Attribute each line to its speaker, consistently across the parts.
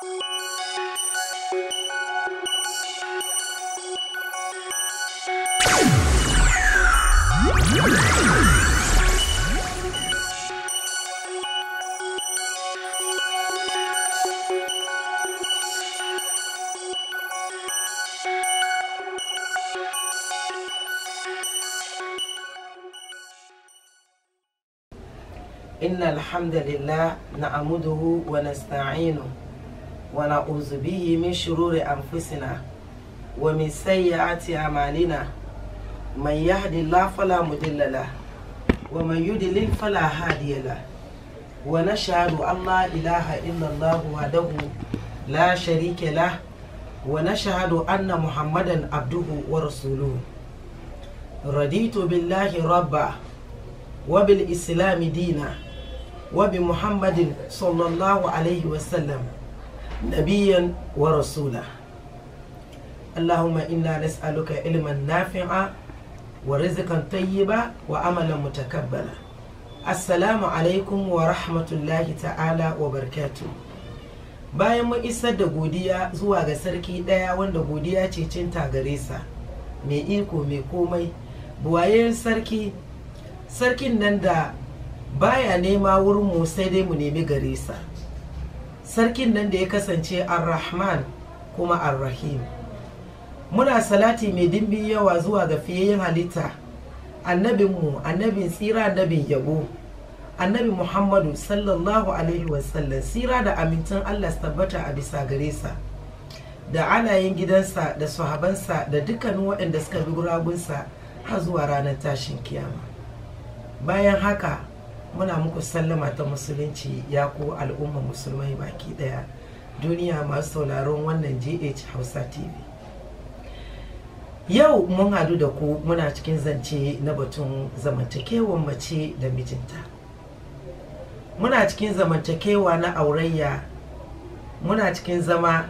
Speaker 1: إن الحمد لله نعمده ونستعينه ونعوذ به من شرور أنفسنا ومن سيئات أعمالنا من يهد الله فلا مضل له ومن يضلل فلا هادي له ونشهد أن لا إله إلا الله وحده لا شريك له ونشهد أن محمدا عبده ورسوله رضيت بالله ربا وبالإسلام دينا وبمحمد صلى الله عليه وسلم نبيا ورسولا اللهم إنا نسألك علما نافعا ورزقا طيبا وعملا متكبلا assalamu alaikum wa rahmatullahi ta'ala wa bayan mu isar da godiya zuwa ga sarki ɗaya wanda godiya ce cinta gare sa mai iko mai komai buwayen sarki sarkin nan da baya nema wurin mu sai dai mu nemi gare sa sarkin nan da ya kasance ar-rahman kuma ar-rahim muna salati mai dimbi yawa zuwa ga fiyayyen halitta annabinmu annabin tsira annabin yabo annabi muhammadu sallallahu alaihi wasallam tsira da amintan allah tabbata a bisa gare sa da anayin gidansa da sahabansa da dukkanin waɗanda suka bi guragunsa har zuwa ranar tashin kiyama bayan haka muna muku sallama ta musulunci ya ku al'umma musulmai baki daya duniya masu sauraron wannan gh hausa tv yau mun hadu da ku muna cikin zance na batun zamantakewan mace da mijinta muna cikin zamantakewa na aurayya muna cikin zama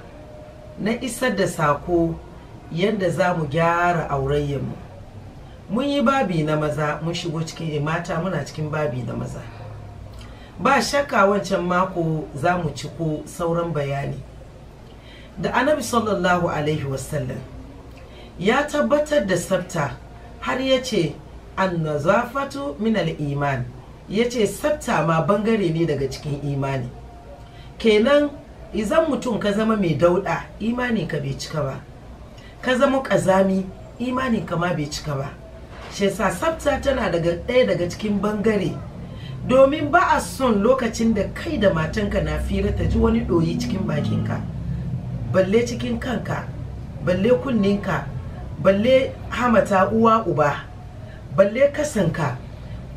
Speaker 1: na isar da sako yadda za mu gyara aurayyarmu mun yi babi na maza mun shigo cikin eh, mata muna cikin babi na maza ba shakka wancan mako za mu ko sauran bayani da anabi sallallahu alaihi wasallam ya tabbatar da sabta har ya ce annazafatu minal iman ya ce sabta ma bangare ne daga cikin imani kenan izan mutum ka zama mai dauɗa, imani ka bai cika ba ka zama kazami imani ka ma bai cika ba shi yasa tsafta tana daga ɗaya daga cikin bangare domin ba a son lokacin da kai da matanka na fira ta ji wani ɗoyi cikin bakinka balle cikin kanka balle ka, balle hamata uwa uba balle kasanka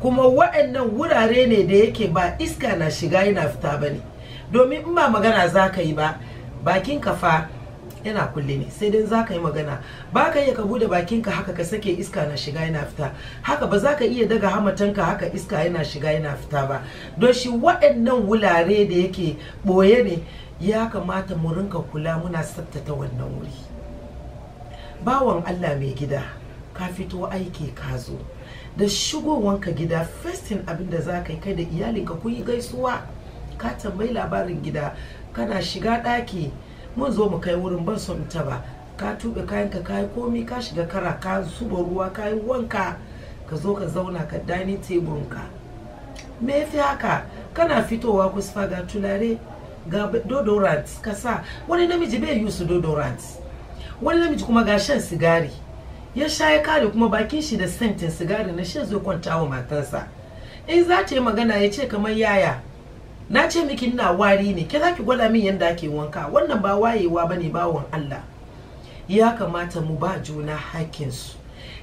Speaker 1: kuma waɗannan wurare ne da yake ba iska na shiga yana fita ba ne domin in ba magana za ka yi ba bakinka fa yana kulle ne sai dai za ka yi magana ba ka iya ka bude bakinka haka ka sake iska na shiga yana fita haka ba za ka iya daga hamatanka haka iska yana shiga yana fita ba don shi waɗannan wulare da yake ɓoye ne ya kamata mu rinka kula muna sattata wannan wuri bawan allah mai gida ka fito aiki ka zo da shigowanka gida festin abin da za ka yi kai da iyalinka kun yi gaisuwa ka tambayi labarin gida kana shiga ɗaki mun zo mu kai wurin ban son ta ba ka tuɓe kayanka ka yi komi ka shiga kara ka zuba ruwa ka yi wanka ka zo ka zauna ka dani table ka me fi haka kana fitowa kusfa ga tulare ga dodorant ka sa wani namiji bai yusu dodorant. wani namiji kuma ga shan sigari ya sha ya kare kuma bakin shi da sentin sigari na shan zai kwanta wa matarsa in za ta yi magana ya ce kamar yaya na ce miki ina wari ne ke zaki gwada min yadda ake wanka wannan ba wayewa ba ne bawon Allah ya kamata mu ba juna hakinsu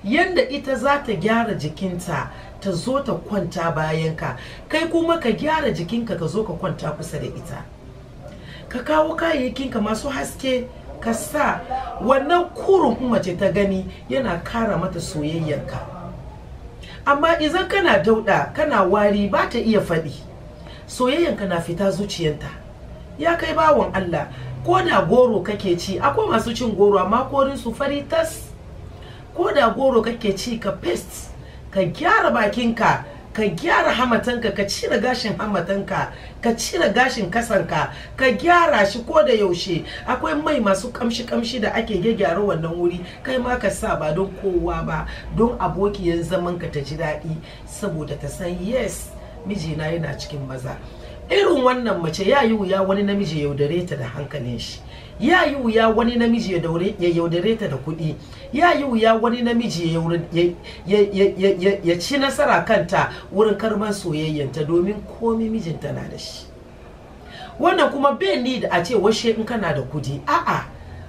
Speaker 1: yadda ita za ta gyara jikinta ta zo ta kwanta bayanka kai kuma ka gyara jikinka ka zo ka kwanta kusa da ita ka kawo kayayyakin ka masu haske ka sa wannan kurun mace ta gani yana kara mata soyayyarka amma idan kana dauda kana wari ba ta iya faɗi soyayyanka na fita zuciyanta ya kai bawon Allah ko da goro kake ci akwai masu cin goro amma korin su fari tas ko da goro kake ci ka paste ka gyara bakinka ka gyara hamatanka ka cire gashin hamatanka ka cire gashin kasanka ka gyara shi ko da yaushe akwai mai masu kamshi kamshi da ake gyara wannan wuri kai ma ka sa ba don kowa ba don abokiyar zaman ka ta ji daɗi saboda ta san yes mijina yana cikin maza irin wannan mace ya yi wuya wani namiji ya yaudare ta da hankalin shi ya yi wuya wani namiji ya yaudare ta da kuɗi ya yi wuya wani namiji ya ci nasara kanta wurin karban soyayyanta domin komi mijinta na da shi wannan kuma bai ni da a ce washe in kana da kuɗi a'a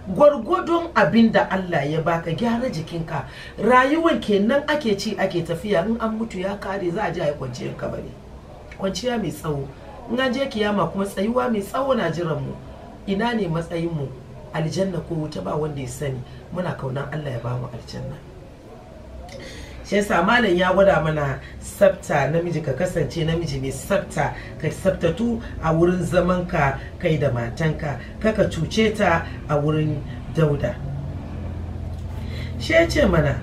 Speaker 1: gwargwadon abin da Allah ya baka gyara jikinka rayuwan kenan ake ci ake tafiya in an mutu ya kare za a ji a yi kwanciyar kabari kwanciya mai tsawo in an je kiyama kuma tsayuwa mai tsawo na jiran mu ina ne matsayin mu aljanna ko wuta ba wanda ya sani muna kaunan Allah ya ba mu aljanna shi yasa malam ya gwada mana sabta namiji ka kasance namiji mai sabta ka sabtatu a wurin zaman ka kai da matanka kaka cuce ta a wurin dauda shi ya ce mana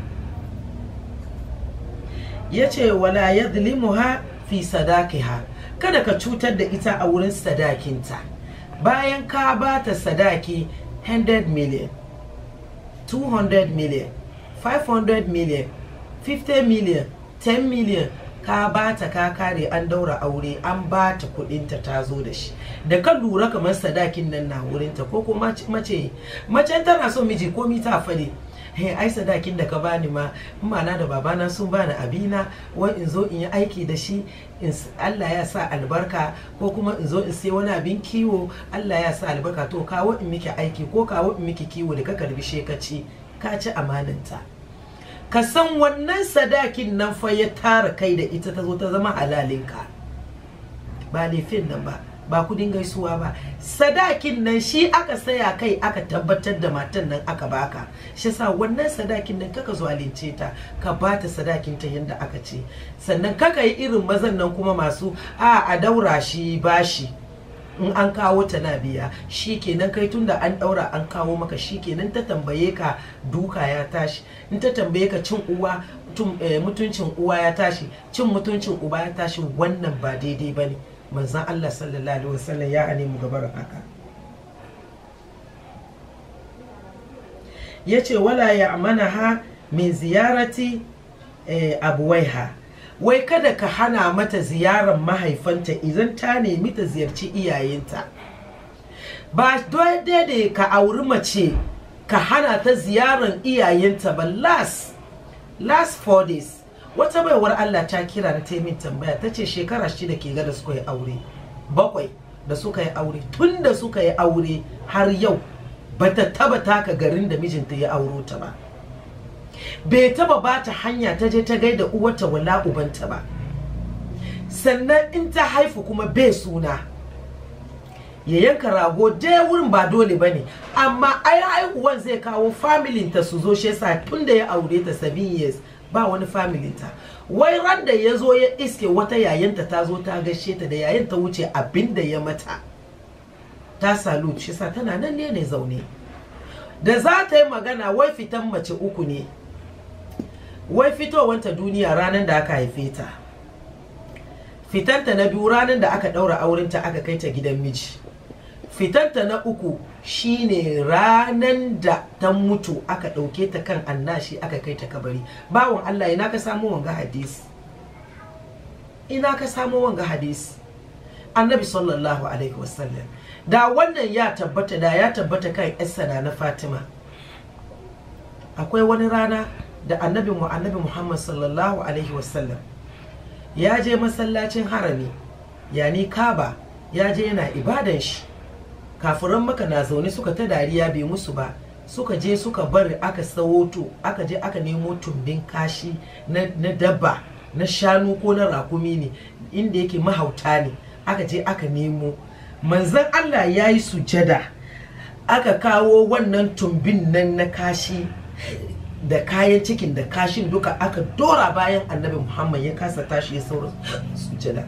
Speaker 1: ya ce wala yadlimuha fi sadakiha kada ka cutar da ita a wurin sadakinta bayan ka ba ta sadaki 100 million 200 million 500 million 50 million 10 million ka ba ta ka kare an daura aure an ba ta kudinta ta zo da shi da ka lura kamar sadakin nan na wurinta ko kuma mace mace tana so miji komi ta fade he ai sadakin da ka bani ma mana da babana sun bani abina wai in zo in yi aiki da shi in Allah ya sa albarka ko kuma in zo in sai wani abin kiwo Allah ya sa albarka to kawo in miki aiki ko kawo in miki kiwo da ka karbi shekaci ka ci amaninta ka san wannan sadakin nan fa ya tara kai da ita ta zo ta zama halalinka ba laifin nan ba ba kudin gaisuwa ba sadakin nan shi aka saya kai aka tabbatar da matan nan aka baka shi sa wannan sadakin nan kaka zalunce ta ka bata sadakin ta yadda aka ce sannan kaka yi irin mazan nan kuma masu a a daura shi bashi in an kawo ta na biya shi kenan kai tunda an daura an kawo maka shi kenan ta tambaye ka duka ya tashi in ta tambaye ka cin uwa eh, mutuncin uwa ya tashi cin mutuncin uba ya tashi wannan ba daidai ba ne manzan Allah sallallahu alaihi wasallam ya mu gabarin haka ya ce wala ya mana ha min ziyarati eh, abuwaiha wai kada ka hana mata ziyarar mahaifanta idan ta nemi ta ziyarci iyayenta ba daidai ka auri mace ka hana ta ziyarar iyayenta ba last last four wata baiwar Allah ta kira da taimin tambaya ta ce shekara shi da ke gada suka yi aure bakwai da suka yi aure tun da suka yi aure har yau ba ta taba taka garin da mijinta ya auro ta ba bai taba ba ta hanya ta je ta gaida uwarta wala ubanta ba sannan in ta haifu kuma bai suna ya yanka rago dai wurin ba dole ba ne amma ai haihuwan zai kawo familin ta su zo shi tun da ya aure ta 7 years ba wani ta. wai ran da ya zo ya iske wata yayanta ta zo ta gaishe ta da yayin ta wuce abin da ya mata ta salu shi sa tana nan ne ne zaune da za ta yi magana wai fitan mace uku ne wai fitowanta duniya ranar da aka haife ta fitanta na biyu ranar da aka ɗaura aurenta aka kai ta gidan miji ta na uku shine ranan da ta mutu aka ɗauke ta kan annashi aka kai ta kabari bawan Allah ina ka samu wanga hadisi ina ka samu wanga hadisi annabi sallallahu alaihi wasallam da wannan ya tabbata da ya tabbata kan yassana na fatima akwai wani rana da annabi mu annabi muhammad sallallahu alaihi wasallam ya je masallacin harami yani kaba ya je yana ibadan shi kafiran maka na zaune suka ta dariya bai musu ba suka je suka bari aka sawoto aka je aka nemo tumbin kashi na dabba na shanu ko na rakumi ne inda yake mahauta ne aka je aka nemo manzan Allah ya yi sujada aka kawo wannan tumbin nan na kashi da kayan cikin da kashin duka aka dora bayan annabi muhammad ya kasa tashi ya saurin sujada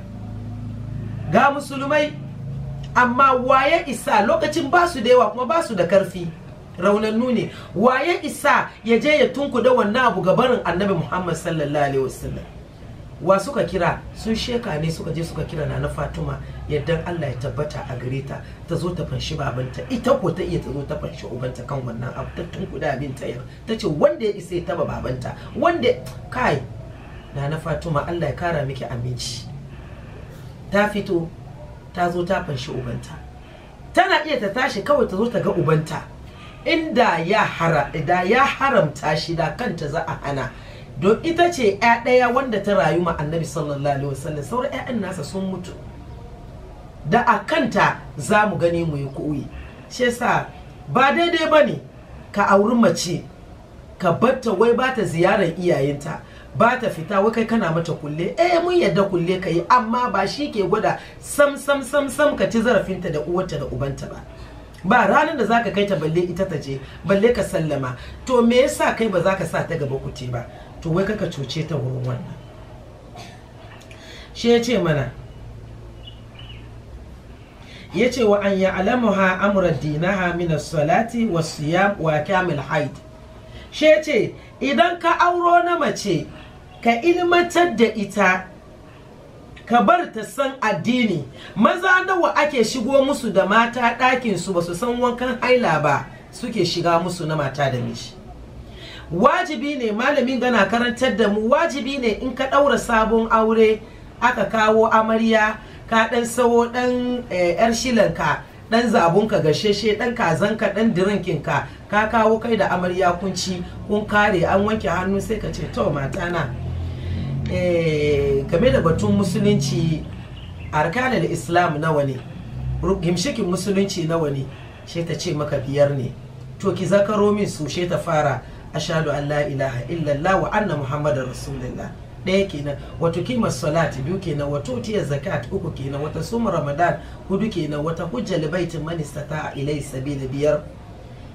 Speaker 1: ga musulmai amma waye isa lokacin ba su da yawa kuma ba su da karfi raunannu ne waye isa ya je ya tunkuda wannan abu ga barin annabi muhammad sallallahu alaihi wasallam wa suka kira sun sheka ne suka je suka kira na fatima yadda allah ya tabbata a gare ta ta zo ta fanshi babanta ita ko ta iya ta zo ta fanshi ubanta kan wannan abu ta tunkuda abin ta yar ta ce wanda ya isa ya taba babanta wanda kai na fatima allah ya kara miki aminci ta fito ta zo ta fanshi ubanta tana iya ta tashi kawai ta zo ta ga ubanta inda ya hara da ya haramta shi da kanta za a hana don ita ce ya ɗaya wanda ta rayu ma annabi sallallahu alaihi wasallam sauran ƴaƴan nasa sun mutu da a kanta za mu gani mu yi koyi shi yasa ba daidai ba ne ka auri mace ka batta wai ba ta ziyarar iyayenta ba ta fita wai kai kana mata kulle eh mun yadda kulle ka yi amma ba shi ke gwada sam sam sam sam ka ci zarafinta da uwarta da ubanta ba ba ranar da zaka kai ta balle ita ta je balle ka sallama to me yasa kai ba zaka sa ta gaba kuti ba to wai kaka cuce ta wurin wannan shi ya ce mana ya wa an ya'lamuha amra dinaha min as-salati was-siyam wa kamil haid shi ya ce idan ka auro na mace ka ilmantar da ita ka bar ta san addini maza nawa ake shigo musu da mata ɗakin su ba su san wankan haila ba suke shiga musu na mata da miji wajibi ne malamin gana karantar da mu wajibi ne in ka ɗaura sabon aure aka kawo amarya ka ɗan sawo ɗan yar eh, shilanka ɗan zabunka gasheshe ɗan kazanka ɗan dirinkinka ka kawo kai da amarya kunci kun kare an wanke hannu sai ka ce to na. Eh, game da batun musulunci arkanin islam nawa ne gimshikin musulunci nawa ne She ta ce maka biyar ne to ki zakaro min su she ta fara ashadu an la ilaha illallah wa anna muhammadar rasulullah ɗaya kenan wato kimar salat biyu kenan wato tiya zakat uku kenan wata sum ramadan hudu kenan wata hujjal baitin man istata ilai da biyar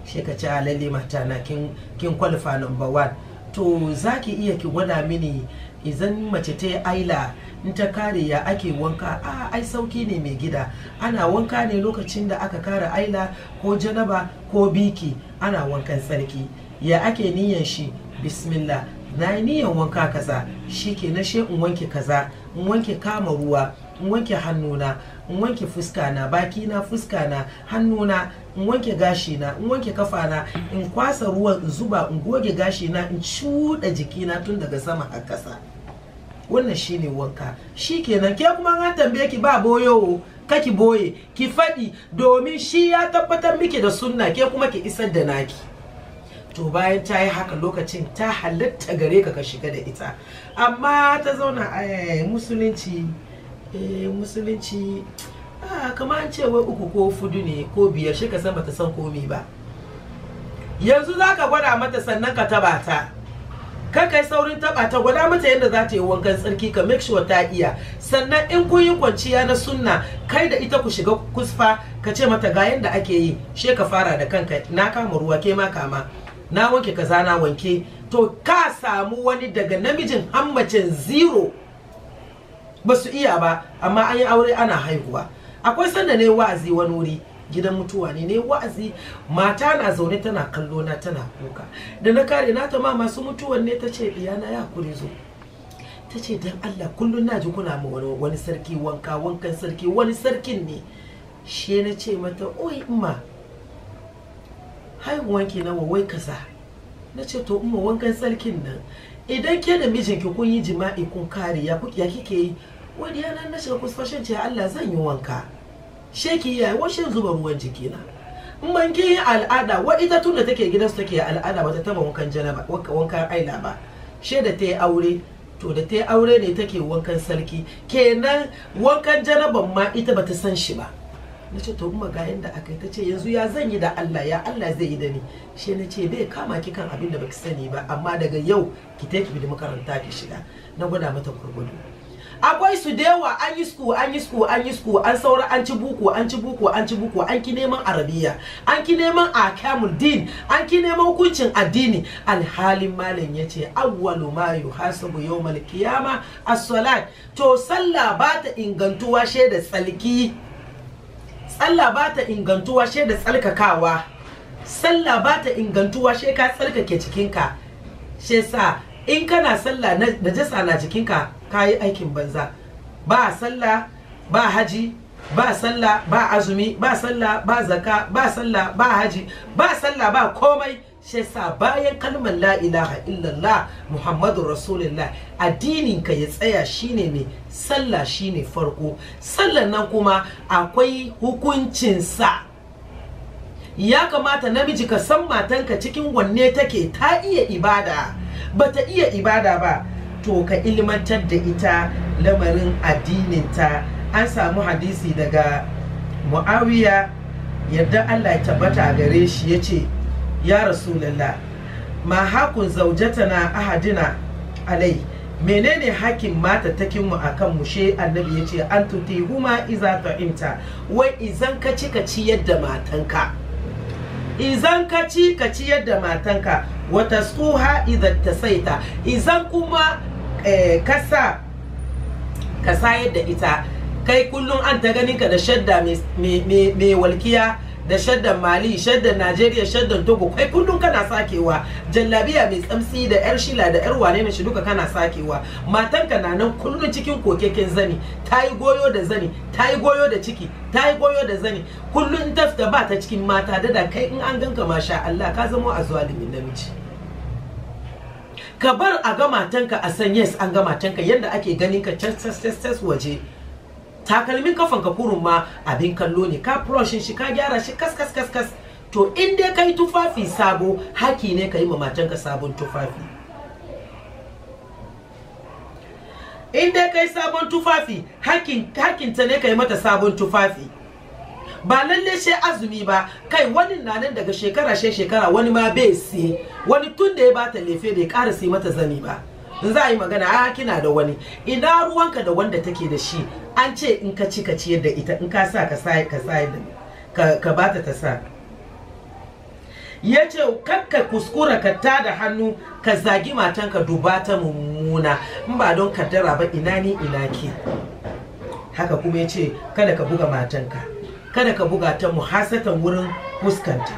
Speaker 1: she ka ci alalle ah, mata na kin kwalifa number one to zaki iya ki gwada mini idan mace ta yi aila in ta kare ya ake wanka a ai sauki ne mai gida ana wanka ne lokacin da aka kare aila ko janaba ko biki ana wankan sarki ya ake niyan shi bismillah na yi niyan wanka kaza shi ke na she in wanke kaza in wanke kama ruwa in wanke hannuna in wanke fuska na bakina na, hannuna in wanke na in wanke kafa na, in kwasa ruwan zuba in goge gashi na, in cuɗa jikina tun daga sama har ƙasa. wannan shine wanka shikenan ke kuma an tambaye ki ba boyo kaki boye ki faɗi domin shi ya tabbatar miki da sunna ke kuma ki isar da naki to bayan ta yi haka lokacin ta halatta gare ka ka shiga da ita amma ta zauna a eh, musulunci eh, musulunci ah, kamar an ce wai uku ko fudu ne ko biyar shi ka san bata san komi ba yanzu za ka gwada mata sannan ka taba ta kakai saurin taba ta gwada mata yadda za ta yi wankan tsarki ka make sure ta iya sannan in kun yi kwanciya na sunna kai da ita ku shiga kusfa ka ce mata ga yadda ake yi she ka fara da kanka na kama ruwa ke ma kama na wanke ka na wanke to ka samu wani daga namijin hammacin zero ba su iya ba amma an yi aure ana haihuwa akwai sanda ne wa'azi wani wuri gidan mutuwa ne ne wa'azi mata na zaune tana kallo na tana kuka da na kare na ta ma masu mutuwan ne ta ce diyana ya kure zo ta dan Allah kullum na ji kuna ma wani sarki wanka wankan sarki wani sarkin ne she na ce mata oi imma hai wanki na wai kaza na ce to umma wankan sarkin nan idan ke da mijinki kun yi jima'i kun kare ya kike yi wai diyana na ce kusfashin ce Allah zan yi wanka sheki ya washe zuba ruwan jiki na in ban ki yi al'ada wa ita tun da take su take al'ada ba ta taba wankan janaba wankan aila ba she da ta yi aure to da ta yi aure ne take wankan sarki kenan wankan janaban ma ita ba ta san shi ba na ce to kuma ga yanda aka yi ta ce yanzu ya zan yi da Allah ya Allah zai yi da ni she na ce bai kama ki kan abin da baki sani ba amma daga yau ki tafi bi makaranta ki shiga na gwada mata gurgudu akwai su da yawa an yi sku an yi sku an yi sku an saura an ci buku an ci buku an ci buku an ki neman arabiya an ki neman akamul din an ki neman hukuncin addini alhalin malam yace awwalu ma yuhasabu yawmal qiyama as-salat to sallah ba ta ingantuwa she da tsalki sallah ba ta ingantuwa she da tsalkakawa sallah ba ta ingantuwa she ka tsalkake cikinka she sa in kana sallah na jasa na jikinka ka yi aikin banza ba sallah ba haji ba sallah ba azumi ba sallah ba zaka ba sallah ba haji ba sallah ba komai shi sa bayan kalmar la ilaha illallah muhammadu rasulullah addinin ka ya tsaya shine mai sallah shine farko sallan nan kuma akwai hukuncinsa ya kamata namiji ka san matanka cikin wanne take ta iya ibada Ba ta iya ibada ba to ka ilmantar da ita lamarin addininta an samu hadisi daga mu'awiya yadda Allah ya tabbata gare shi ya ce ya rasulallah ma hakun zaujatana ahadina alai menene hakin mata mu a mu she annabi ya ce an tuti huma iza imta wai izan ka ci ka ciyar da matanka izan ka ci ka da matanka wata tsuha idan ta saita izan kuma kasa ka sayar ita kai kullum an ta ganin ka da shadda mai walkiya da shaddan mali shaddan najeriya shaddan togo kai kullum kana sakewa jallabiya mai tsamsi da yar shila da yar wane shi duka kana sakewa matanka na nan kullum cikin kokekin zani ta yi goyo da zani ta yi goyo da ciki ta yi goyo da zani kullum in tafta ba ta cikin mata da da kai in an ganka masha Allah ka zama a zalimin namiji ka bar a ga matanka a san yes an ga matanka yadda ake ganin ka can waje takalmin kafan ka kurun ma abin kallo ne ka proshin shi ka gyara shi kas kas kas kas to in dai kai tufafi sabo haki ne ka yi ma matanka sabon tufafi in dai kai sabon tufafi hakin ta ne ka mata sabon tufafi ba lalle she azumi ba kai wani na nan daga shekara she shekara wani ma bai si wani tun da ya bata lefe bai ƙara sai mata zani ba in za a yi magana a ah, kina da wani ina ruwanka da wanda take da shi an ce in ka ci ka ciyar da ita in ka sa ka sa ka sa ka ka bata ta sa ya ce kakka kuskura ka da hannu ka zagi matanka duba ta mummuna in ba don kaddara ba ina ni ina ke haka kuma ya ce kada ka buga matanka kada ka buga ta muhasatan wurin fuskanta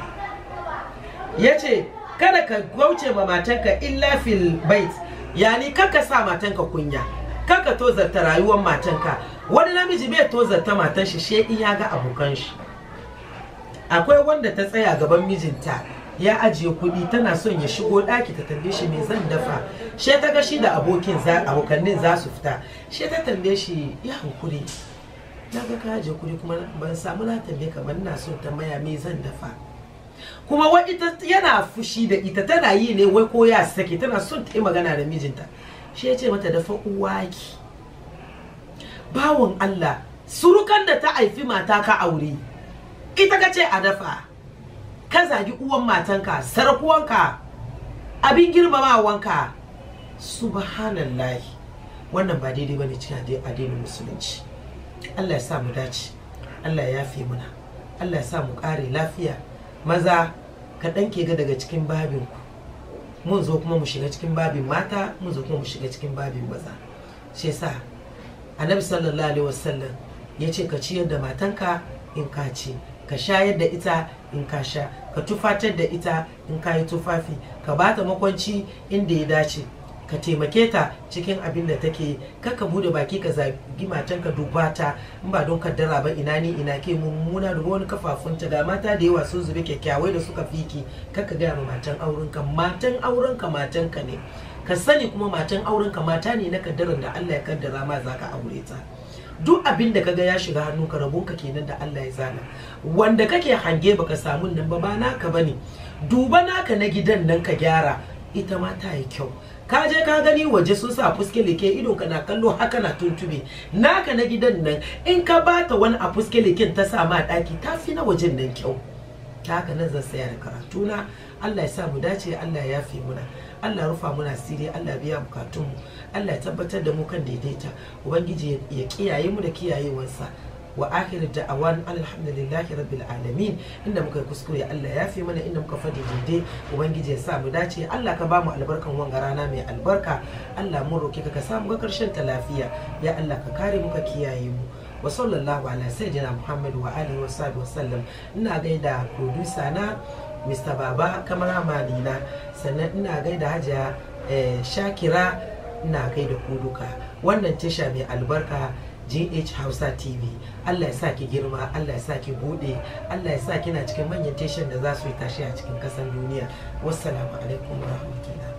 Speaker 1: yace kada ka gwauce ma matanka illa fil bait yani kaka sa matanka kunya kaka tozarta rayuwar matanka wani namiji bai tozarta matan shi she in ya ga abokan shi akwai wanda ta tsaya gaban mijinta ya ajiye kuɗi tana son ya shigo ɗaki ta tambaye shi me zan dafa she ta ga shi da abokin za abokannin za su fita she ta tambaye shi ya hankuri na ga ka ajiye kuɗi kuma ban samu na tambaye kamar ina son maya me zan dafa kuma wa ita yana fushi da ita tana yi ne wai ko ya sake tana son ta yi magana da mijinta shi ya ce mata dafa ki? bawan Allah surukan da ta haifi mata ka aure ita ka ce a dafa ka zagi uwan matanka sarkuwanka abin girmamawanka subhanallahi wannan ba daidai bane cikin addinin musulunci Allah ya sa mu dace Allah ya yafe muna Allah ya sa mu kare lafiya maza kaɗan ke ga daga cikin babin ku mun zo kuma mu shiga cikin babin mata mun zo kuma mu shiga cikin babin maza shi sa annabi sallallahu alaihi wasallam ya ce ka ciyar da matanka in ka ci ka shayar da ita in ka sha ka tufatar da ita in ka yi tufafi ka bata makwanci inda ya dace ka taimake ta cikin abin da take kar ka bude baki ka zagi matan ka duba ta in ba don kaddara ba ina ni ina ke mummuna da wani kafafunta ga mata da yawa sun zube kyakkyawai da suka fiki kar ka gaya ma matan aurenka matan aurenka matan ka ne ka sani kuma matan aurenka mata ne na kaddaran da Allah ya kaddara ma zaka aure ta duk abin da kaga ya shiga hannu ka rabon ka kenan da Allah ya zana wanda kake hange baka samu nan ba ba naka bane duba naka na gidan nan ka gyara ita ma ta yi kyau ka je ka gani waje sun sa fuske leke ido ka na kallo haka na tuntube naka na gidan nan in ka bata wani a fuske leken ta sa ma daki ta fi na wajen nan kyau ta haka nan zan saya da karatu na Allah ya sa mu dace Allah ya yafe muna Allah rufa muna asiri Allah biya mu Allah ya tabbatar da mu kan daidaita ubangiji ya kiyaye mu da kiyayewarsa. wa akhir da'awan alhamdulillahi rabbil alamin inda muka kuskure Allah ya fi mana inda muka fadi daidai ubangiji ya sa mu dace Allah ka bamu albarkan wanga rana mai albarka Allah mun roke ka ka samu ga karshen ta lafiya ya Allah ka kare mu ka kiyaye mu wa sallallahu ala sayyidina Muhammad wa alihi wa sahbihi wasallam ina gaida producer na Mr. Baba kamar na sannan ina gaida Hajiya eh, Shakira ina gaida da duka wannan tasha mai albarka JH Hausa TV Allah ya sa ki girma Allah ya sa ki bude Allah ya sa kina cikin manyan tashin da za su yi tashi a cikin kasan duniya wassalamu alaikum warahmatullahi